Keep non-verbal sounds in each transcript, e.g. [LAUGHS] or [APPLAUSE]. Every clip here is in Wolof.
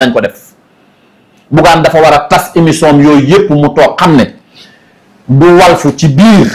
nañ ko def Bougane dafa war a tas émission yooyu yépp mu toog xam ne du walfu ci biir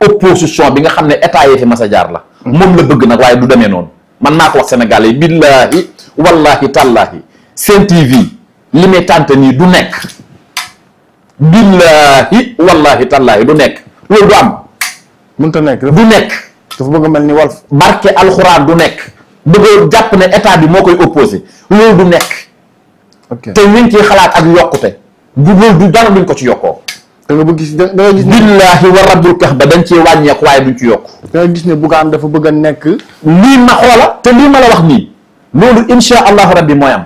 opposition bi nga xam ne état yi fi mas a jaar la moom la bëgg nag waaye du demee noonu man naa ko wax Sénégalais billaahi wallahi tàllaahi Sen TV li may tànte nii du nekk billaahi wallahi tàllaahi du nekk loolu du am nekk du nekk dafa mel ni walf barke alxuraan du nekk bëgg jàpp ne état bi moo koy opposé loolu du nekk te ñu ngi ciy xalaat ak yokkute. du loolu du dara ko ci yokkoo. da nga bëgg gis da nga gis. billaahi dañ cee wàññeeku waaye duñ ci yokku. da nga gis ne Bougane dafa bëgg a nekk. lii ma xoola te lii ma la wax nii. loolu insha allahu rabbi mooy am.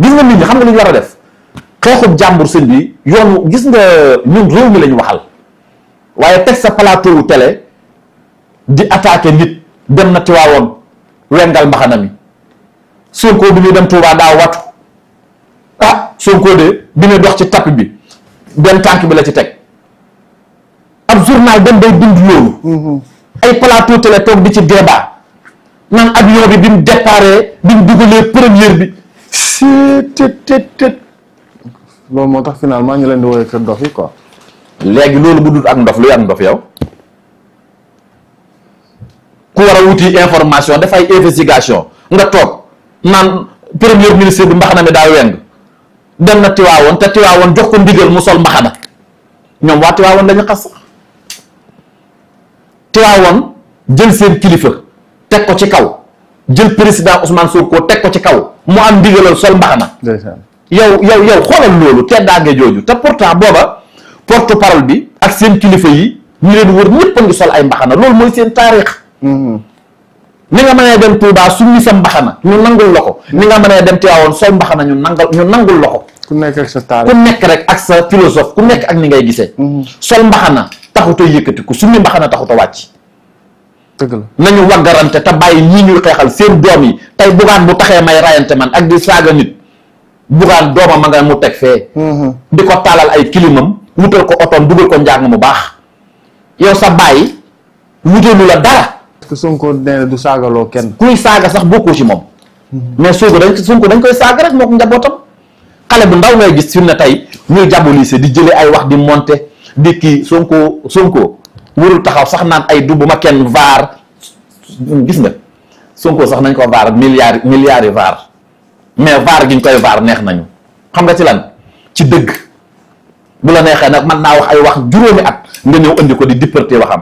gis nga nit ñi xam nga lu ñu war a def. xeexub jàmbur seen bi yoon gis nga ñun réew mi la waxal. waaye teg sa plateau télé di attaqué nit dem na tiwaawoon wengal mbaxana mi Sonko bi muy dem Touba daa watu ah Sonko de bi muy dox ci tapp bi benn tànk bi la ci teg ab journal dem day dund loolu mhm. ay plateau télé toog di ci débat naan avion bi bi mu déparé bi mu dugalee première bi si tët tët loolu moo tax finalement ñu leen di woowee kër ndof yi quoi léegi loolu bu dul ak ndox luy ak ndof yow ku war a wuti information dafay investigation nga toog naan premier ministre bi mbaxana mi daa weng dem na Tiwaawoon te Tiwaawoon jox ko ndigal mu sol mbaxana ñoom waa Tiwaawoon lañu xas sax Tiwaawoon jël seen kilifa teg ko ci kaw jël président Ousmane Sonko teg ko ci kaw mu am ndigalal sol mbaxana yow yow yow xoolal loolu teddaange jooju te pourtant booba porte parole bi ak seen kilifa yi ñu leen wër ñëpp a ngi sol ay mbaxana loolu mooy seen taarix mm-hmm. ni nga mënee dem Touba suñu sa mbaxana ñu nangul la ni nga mënee dem Tiwaawoon sol mbaxana ñu nangal ñu nangul la ko ku nekk ak nekk rek ak sa philosophe ku nekk ak ni ngay gisee mhm. sol mbaxana taxuta yëkkatiku suñu mbaxana taxuta wàcc na ñu nañu waggarante te bàyyi ñii ñu xeexal seen doom yi tey bugaan bu taxee may rayante man ak di saaga nit bugaan dooma ma nga mu teg fee mhm. di ko taalal ay kilimam wutal ko otoom dugal ko njàng mu baax yow sa bàyyi wuteelu la dara que Sonko nee na du kenn. kuy saaga sax bokkoo ci moom. Mm-hmm. mais Sonko dañ Sonko dañ koy saaga rek moo ko njabootam. xale bu ndaw ngay gis fi mu ne tey ñuy jabolise di jëlee ay wax di monter di kii Sonko Sonko warul taxaw sax naan ay du bu ma kenn vaar gis nga Sonko sax nañ ko vaar milliards milliards yi vaar mais vaar giñ koy vaar neex nañu xam nga ci lan ci dëgg bu la neexee nag mën naa wax ay wax juróomi at nga ñëw indi ko di dipparte waxam.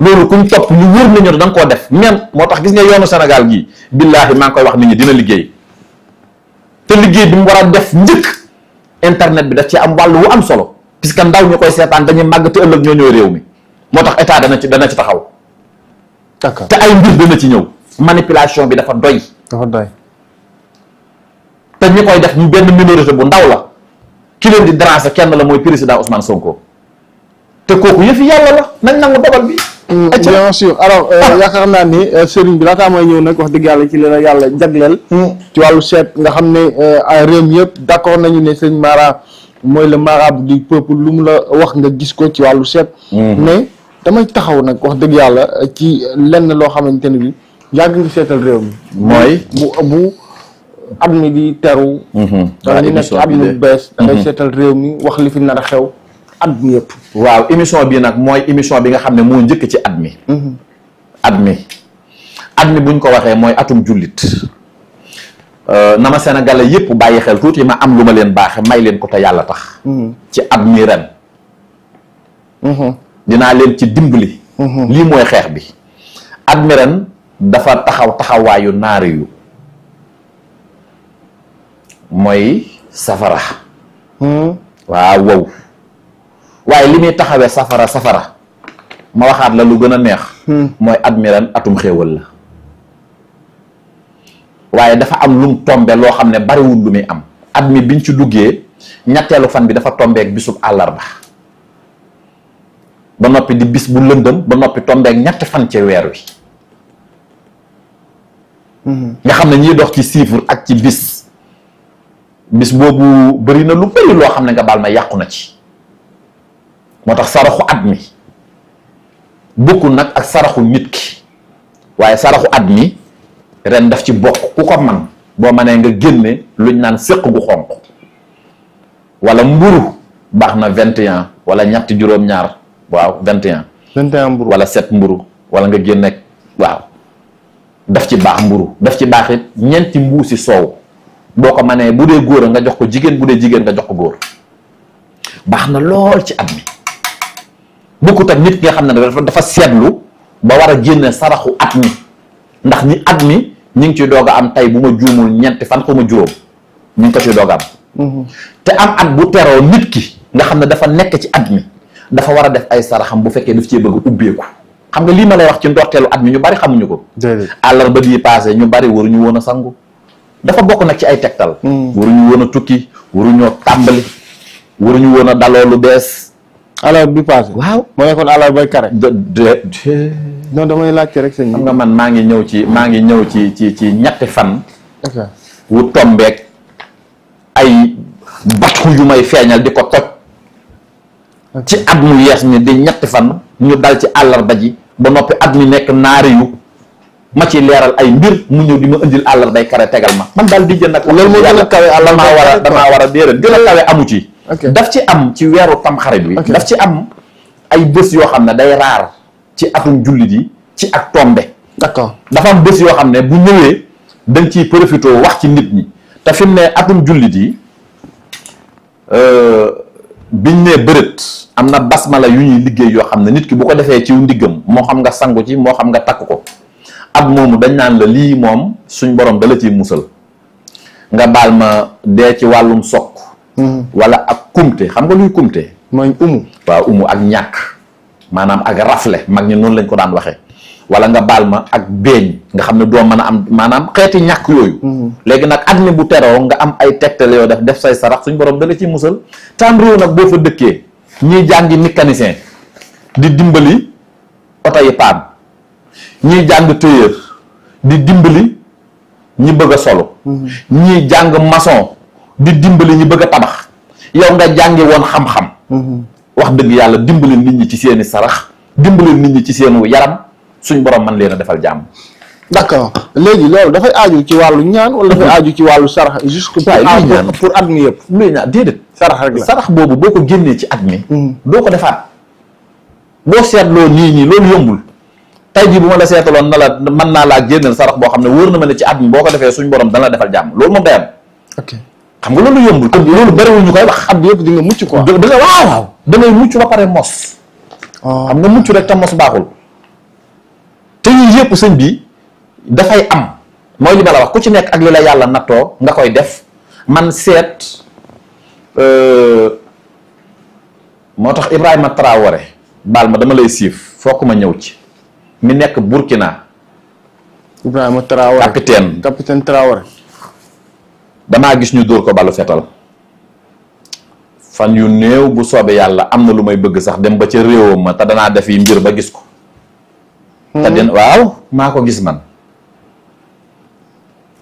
loolu kuñ topp lu wër nañu da nga koo def même moo tax gis nga yoonu Sénégal gii billaahi maa ngi koy wax nit ñi dina liggéey te liggéey bi mu war a def njëkk internet bi da ci am wàll wu am solo puisque ndaw ñu koy seetaan dañuy màgg te ëllëg ñoo ñëw réew mi moo tax état dana ci dana ci taxaw. d'accord te ay mbir dana ci ñëw manipulation bi dafa doy. dafa doy te ñi koy def mu benn minorité bu ndaw la ki di déranger kenn la mooy président Ousmane Sonko te kooku yëfi yàlla Mmh. bien sûr alors euh, ah. yaakaar naa ni euh, sëriñ bi laataa may ñëw nag wax dëgg yàlla ci leen a yàlla jagleel. Mmh. ci wàllu seet nga xam ne euh, réew mi yëpp d' accord nañu ne sëriñ Mara mooy le marabout du peuple lu mu la wax nga gis ko ci wàllu seet. Mmh. mais damay taxaw nag wax dëgg yàlla ci lenn loo xamante ne bi yàgg nga seetal réew mi. mooy bu bu at mi di teru. da nga nekk at bees. da seetal réew mi wax li fi nar a xew. at mi waaw émission bi nag mooy émission bi nga xam ne moo njëkk ci at mi. Mhm. at mi at mi buñ ko waxee mooy atum jullit euh, na ma sénégalais yëpp bàyyi xel tuuti ma am lu ma leen baaxe may leen ko te yàlla tax. Mhm. ci at mi ren. Mhm. dinaa leen ci dimbali. lii mooy xeex bi. at mi dafa taxaw taxawaayu naari yu mooy safara. Hmm. waaw wow. waaye li muy taxawee safara safara ma waxaat la lu gën a neex hmm. mooy admiral atum xéewal la waaye dafa am lum tombe loo xam ne bariwul lu muy am at mi biñ ci duggee ñetteelu fan bi dafa tombeek bisub àllarba ba noppi di bis bu lëndëm ba noppi tombeek ñetti fan ci weer wi hmm. nga xam ne ñiy dox ci chiffre ak ci bis bis boobu bëri na lu bëri loo xam ne nga baal ma yàqu na ci moo tax saraxu at mi bokkul nag ak saraxu nit ki waaye saraxu at mi ren daf ci bokk ku ko man boo manee nga génne luñ naan sëq gu xonq wala mburu baax na vingt et un wala ñetti juróom-ñaar waaw vingt et un vingt et mburu wala sept mburu wala nga génne waaw daf ci baax mburu daf ci baax it ñeenti mbuusi soow boo ko mënee bu dee góor a nga jox ko jigéen bu dee jigéen nga jox ko góor baax na lool ci at bokkut ak nit nga xam ne dafa dafa seetlu ba war a génne saraxu at mi ndax ñi at mi ñu ngi ciy doog a am tey bu ma juumul ñetti fan ko ma juróom ñu ngi ko ciy doog a am. Mhm. te am at bu teroo nit ki nga xam ne dafa nekk ci at mi dafa war a def ay saraxam bu fekkee daf cee bëgg ubbeeku. xam nga lii ma lay wax ci ndorteelu at mi ñu bari xamuñu ko. àllarba bii passé ñu bari waruñu woon a sangu. dafa bokk nag ci ay tegtal. Mhm. waruñu woon a tukki waruñoo tàmbali waruñu woon a daloo lu bees. alarba bi passé. waaw moo nekkoon alarba kare. de non damay laajte rek sëñ xam nga man maa ngi ñëw ci maa ngi ñëw ci ci ci ñetti fan. wu tombeek ay batxu yu may feeñal di ko toj. ci at mu yees mi di ñetti fan ñu dal ci àllarba ji ba noppi at mi nekk naar yu ma ci leeral ay mbir mu ñëw di ma indil àllarbay kare tegal ma man daal di jënd nag. loolu mooy gën a kawe àllarba damaa war a kawe amu ci. daf ci am ci weeru tamxarit bi daf ci am ay bés yoo xam ne day raar ci atum jullit yi ci ak tombe d'accord dafa am bés yoo xam ne bu ñëwee dañ ciy profité wax ci nit ñi te fi ne atum jullit yi euh, biñ ne bërët am na basmala yu ñuy liggéey yoo xam ne nit ki bu ko defee ci ndiggam moo xam nga sangu ci moo xam nga takk ko at moomu dañ naan la lii moom suñ borom dala ciy musal nga baal ma dee ci wàllum sokk mm-hmm. wala ak kumte xam nga luy kumte mooy umu waaw umu ak ñàkk maanaam ak rafle mag ñi noonu lañ ko daan waxee wala nga baal ma ak beeñ nga xam ne doo mën a am maanaam xeeti ñàkk yooyu léegi nag at mi bu teroo nga am ay tegtal yoo def def say sarax suñ boroom dala ci musal tam réew nag boo fa dëkkee ñiy jàngi mécanicien di dimbali oto yi paan ñiy jàng tailleur di dimbali ñi bëgg a solo ñiy jàng mason di dimbali ñi bëgg a tabax yow nga jànge woon xam-xam mm-hmm. wax dëgg yàlla dimbali nit ñi ci seeni sarax dimbali nit ñi ci seenu yaram suñ borom man leen defal jàmm d'accord léegi loolu dafay aju ci wàllu ñaan wala dafay aaju ci wàllu sarax jusque pour at mi yëpp luy ñaan déedéet sarax rek la sarax boobu boo ko génnee ci at mi mm-hmm. doo ko defaat boo seetloo nii nii loolu yombul tey jii bu ma la seetaloon na la mën naa laa génneel sarax boo xam ne wóor na ma ne ci at mi boo ko defee suñ borom dana defal jàmm loolu moom day xam nga loolu yombul. kon loolu bëriwul koy wax. at bi yëpp di nga mucc quoi. da nga waaw waaw da mucc ba pare mos. Ah. xam nga mucc rek te mos baaxul. te yii yëpp sëñ bi dafay am mooy li ma la wax ku ci nekk ak li la yàlla nattoo nga koy def man seet euh, moo tax Ibrahima Traoré baal ma dama lay siif fokk ma ñëw ci mi nekk Burkina. Ibrahima Traoré capitaine capitaine Traoré. damaa gis ñu dóor ko balu fetal fan yu néew bu soobee yàlla am na lu may bëgg sax dem ba ca réewam ma te danaa def yi mbir ba gis ko te den hmm. waaw maa ko gis man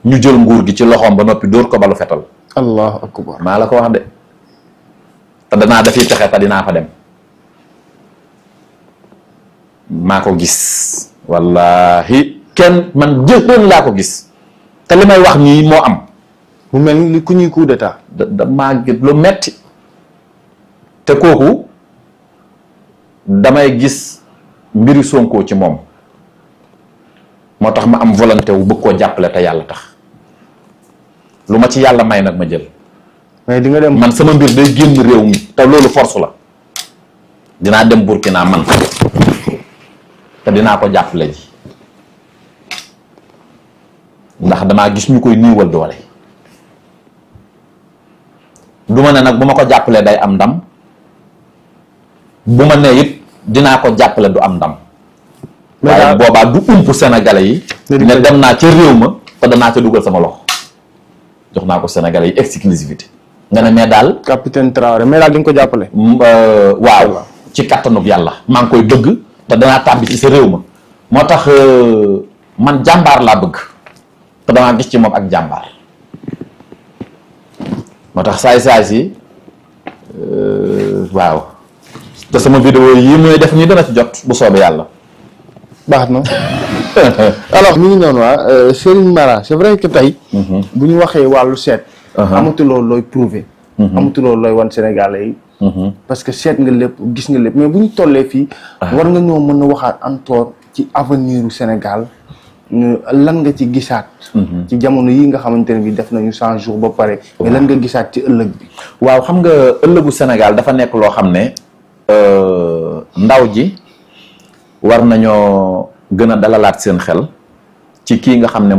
ñu jël nguur gi ci loxoom ba noppi dóor ko balu fetal allahu akbar la ko wax de te danaa def yi pexe te dinaa fa dem maa ko gis wallahi kenn man jël laa ko gis te li may wax nii moo am mu mel ni ku ñuy coup d'état da da te kooku damay gis mbiri Sonko ci moom moo tax ma am volonté wu bëgg koo jàppale te yàlla tax lu ma ci yàlla may nag ma jël. mais di nga dem man sama mbir day génn réew mi te loolu force la dinaa dem Burkina man te dinaa ko jàppale ji ndax damaa gis ñu koy niiwal doole. du ma ne nag bu ma ko jàppalee day am ndam bu ma ne it dinaa ko jàppale du am ndam. waaye boobaa du ump Sénégalais yi. ne dem naa ca réew ma te danaa ca dugal sama loxo jox naa ko Sénégalais yi exclusivité nga ne mais daal. capitaine Traoré mais daal di nga ko jàppale. Mm, euh, waaw ci kattanug yàlla. maa ngi koy bëgg te danaa tàbbi ci sa réew ma moo tax euh, man jàmbaar laa bëgg te danaa gis ci moom ak jàmbaar. moo tax saay-saay si euh, waaw te sama vidéo yi may def nii dana ci jot bu soobee yàlla. baax na [LAUGHS] alors mi ngi noonu waa ah, euh, Serigne Mara c'est vrai tey. Mhm. bu ñu waxee wàllu seet. Uh-huh. amatuloo looy prouver. Mhm. amatuloo looy wan Sénégalais yi. Mhm. parce que seet nga lépp gis nga lépp mais bu ñu tollee fii. Ah. war nga ñoo mën a waxaat encore ci avenir u Sénégal. lan nga ci gisaat. Mm-hmm. ci jamono yi nga xamante ne bi def nañu cent jours ba pare. mais lan nga gisaat ci ëllëg bi. waaw xam nga ëllëgu Sénégal dafa nekk loo xam ne euh, ndaw ji war nañoo gën a dalalaat seen xel ci kii nga xam ne.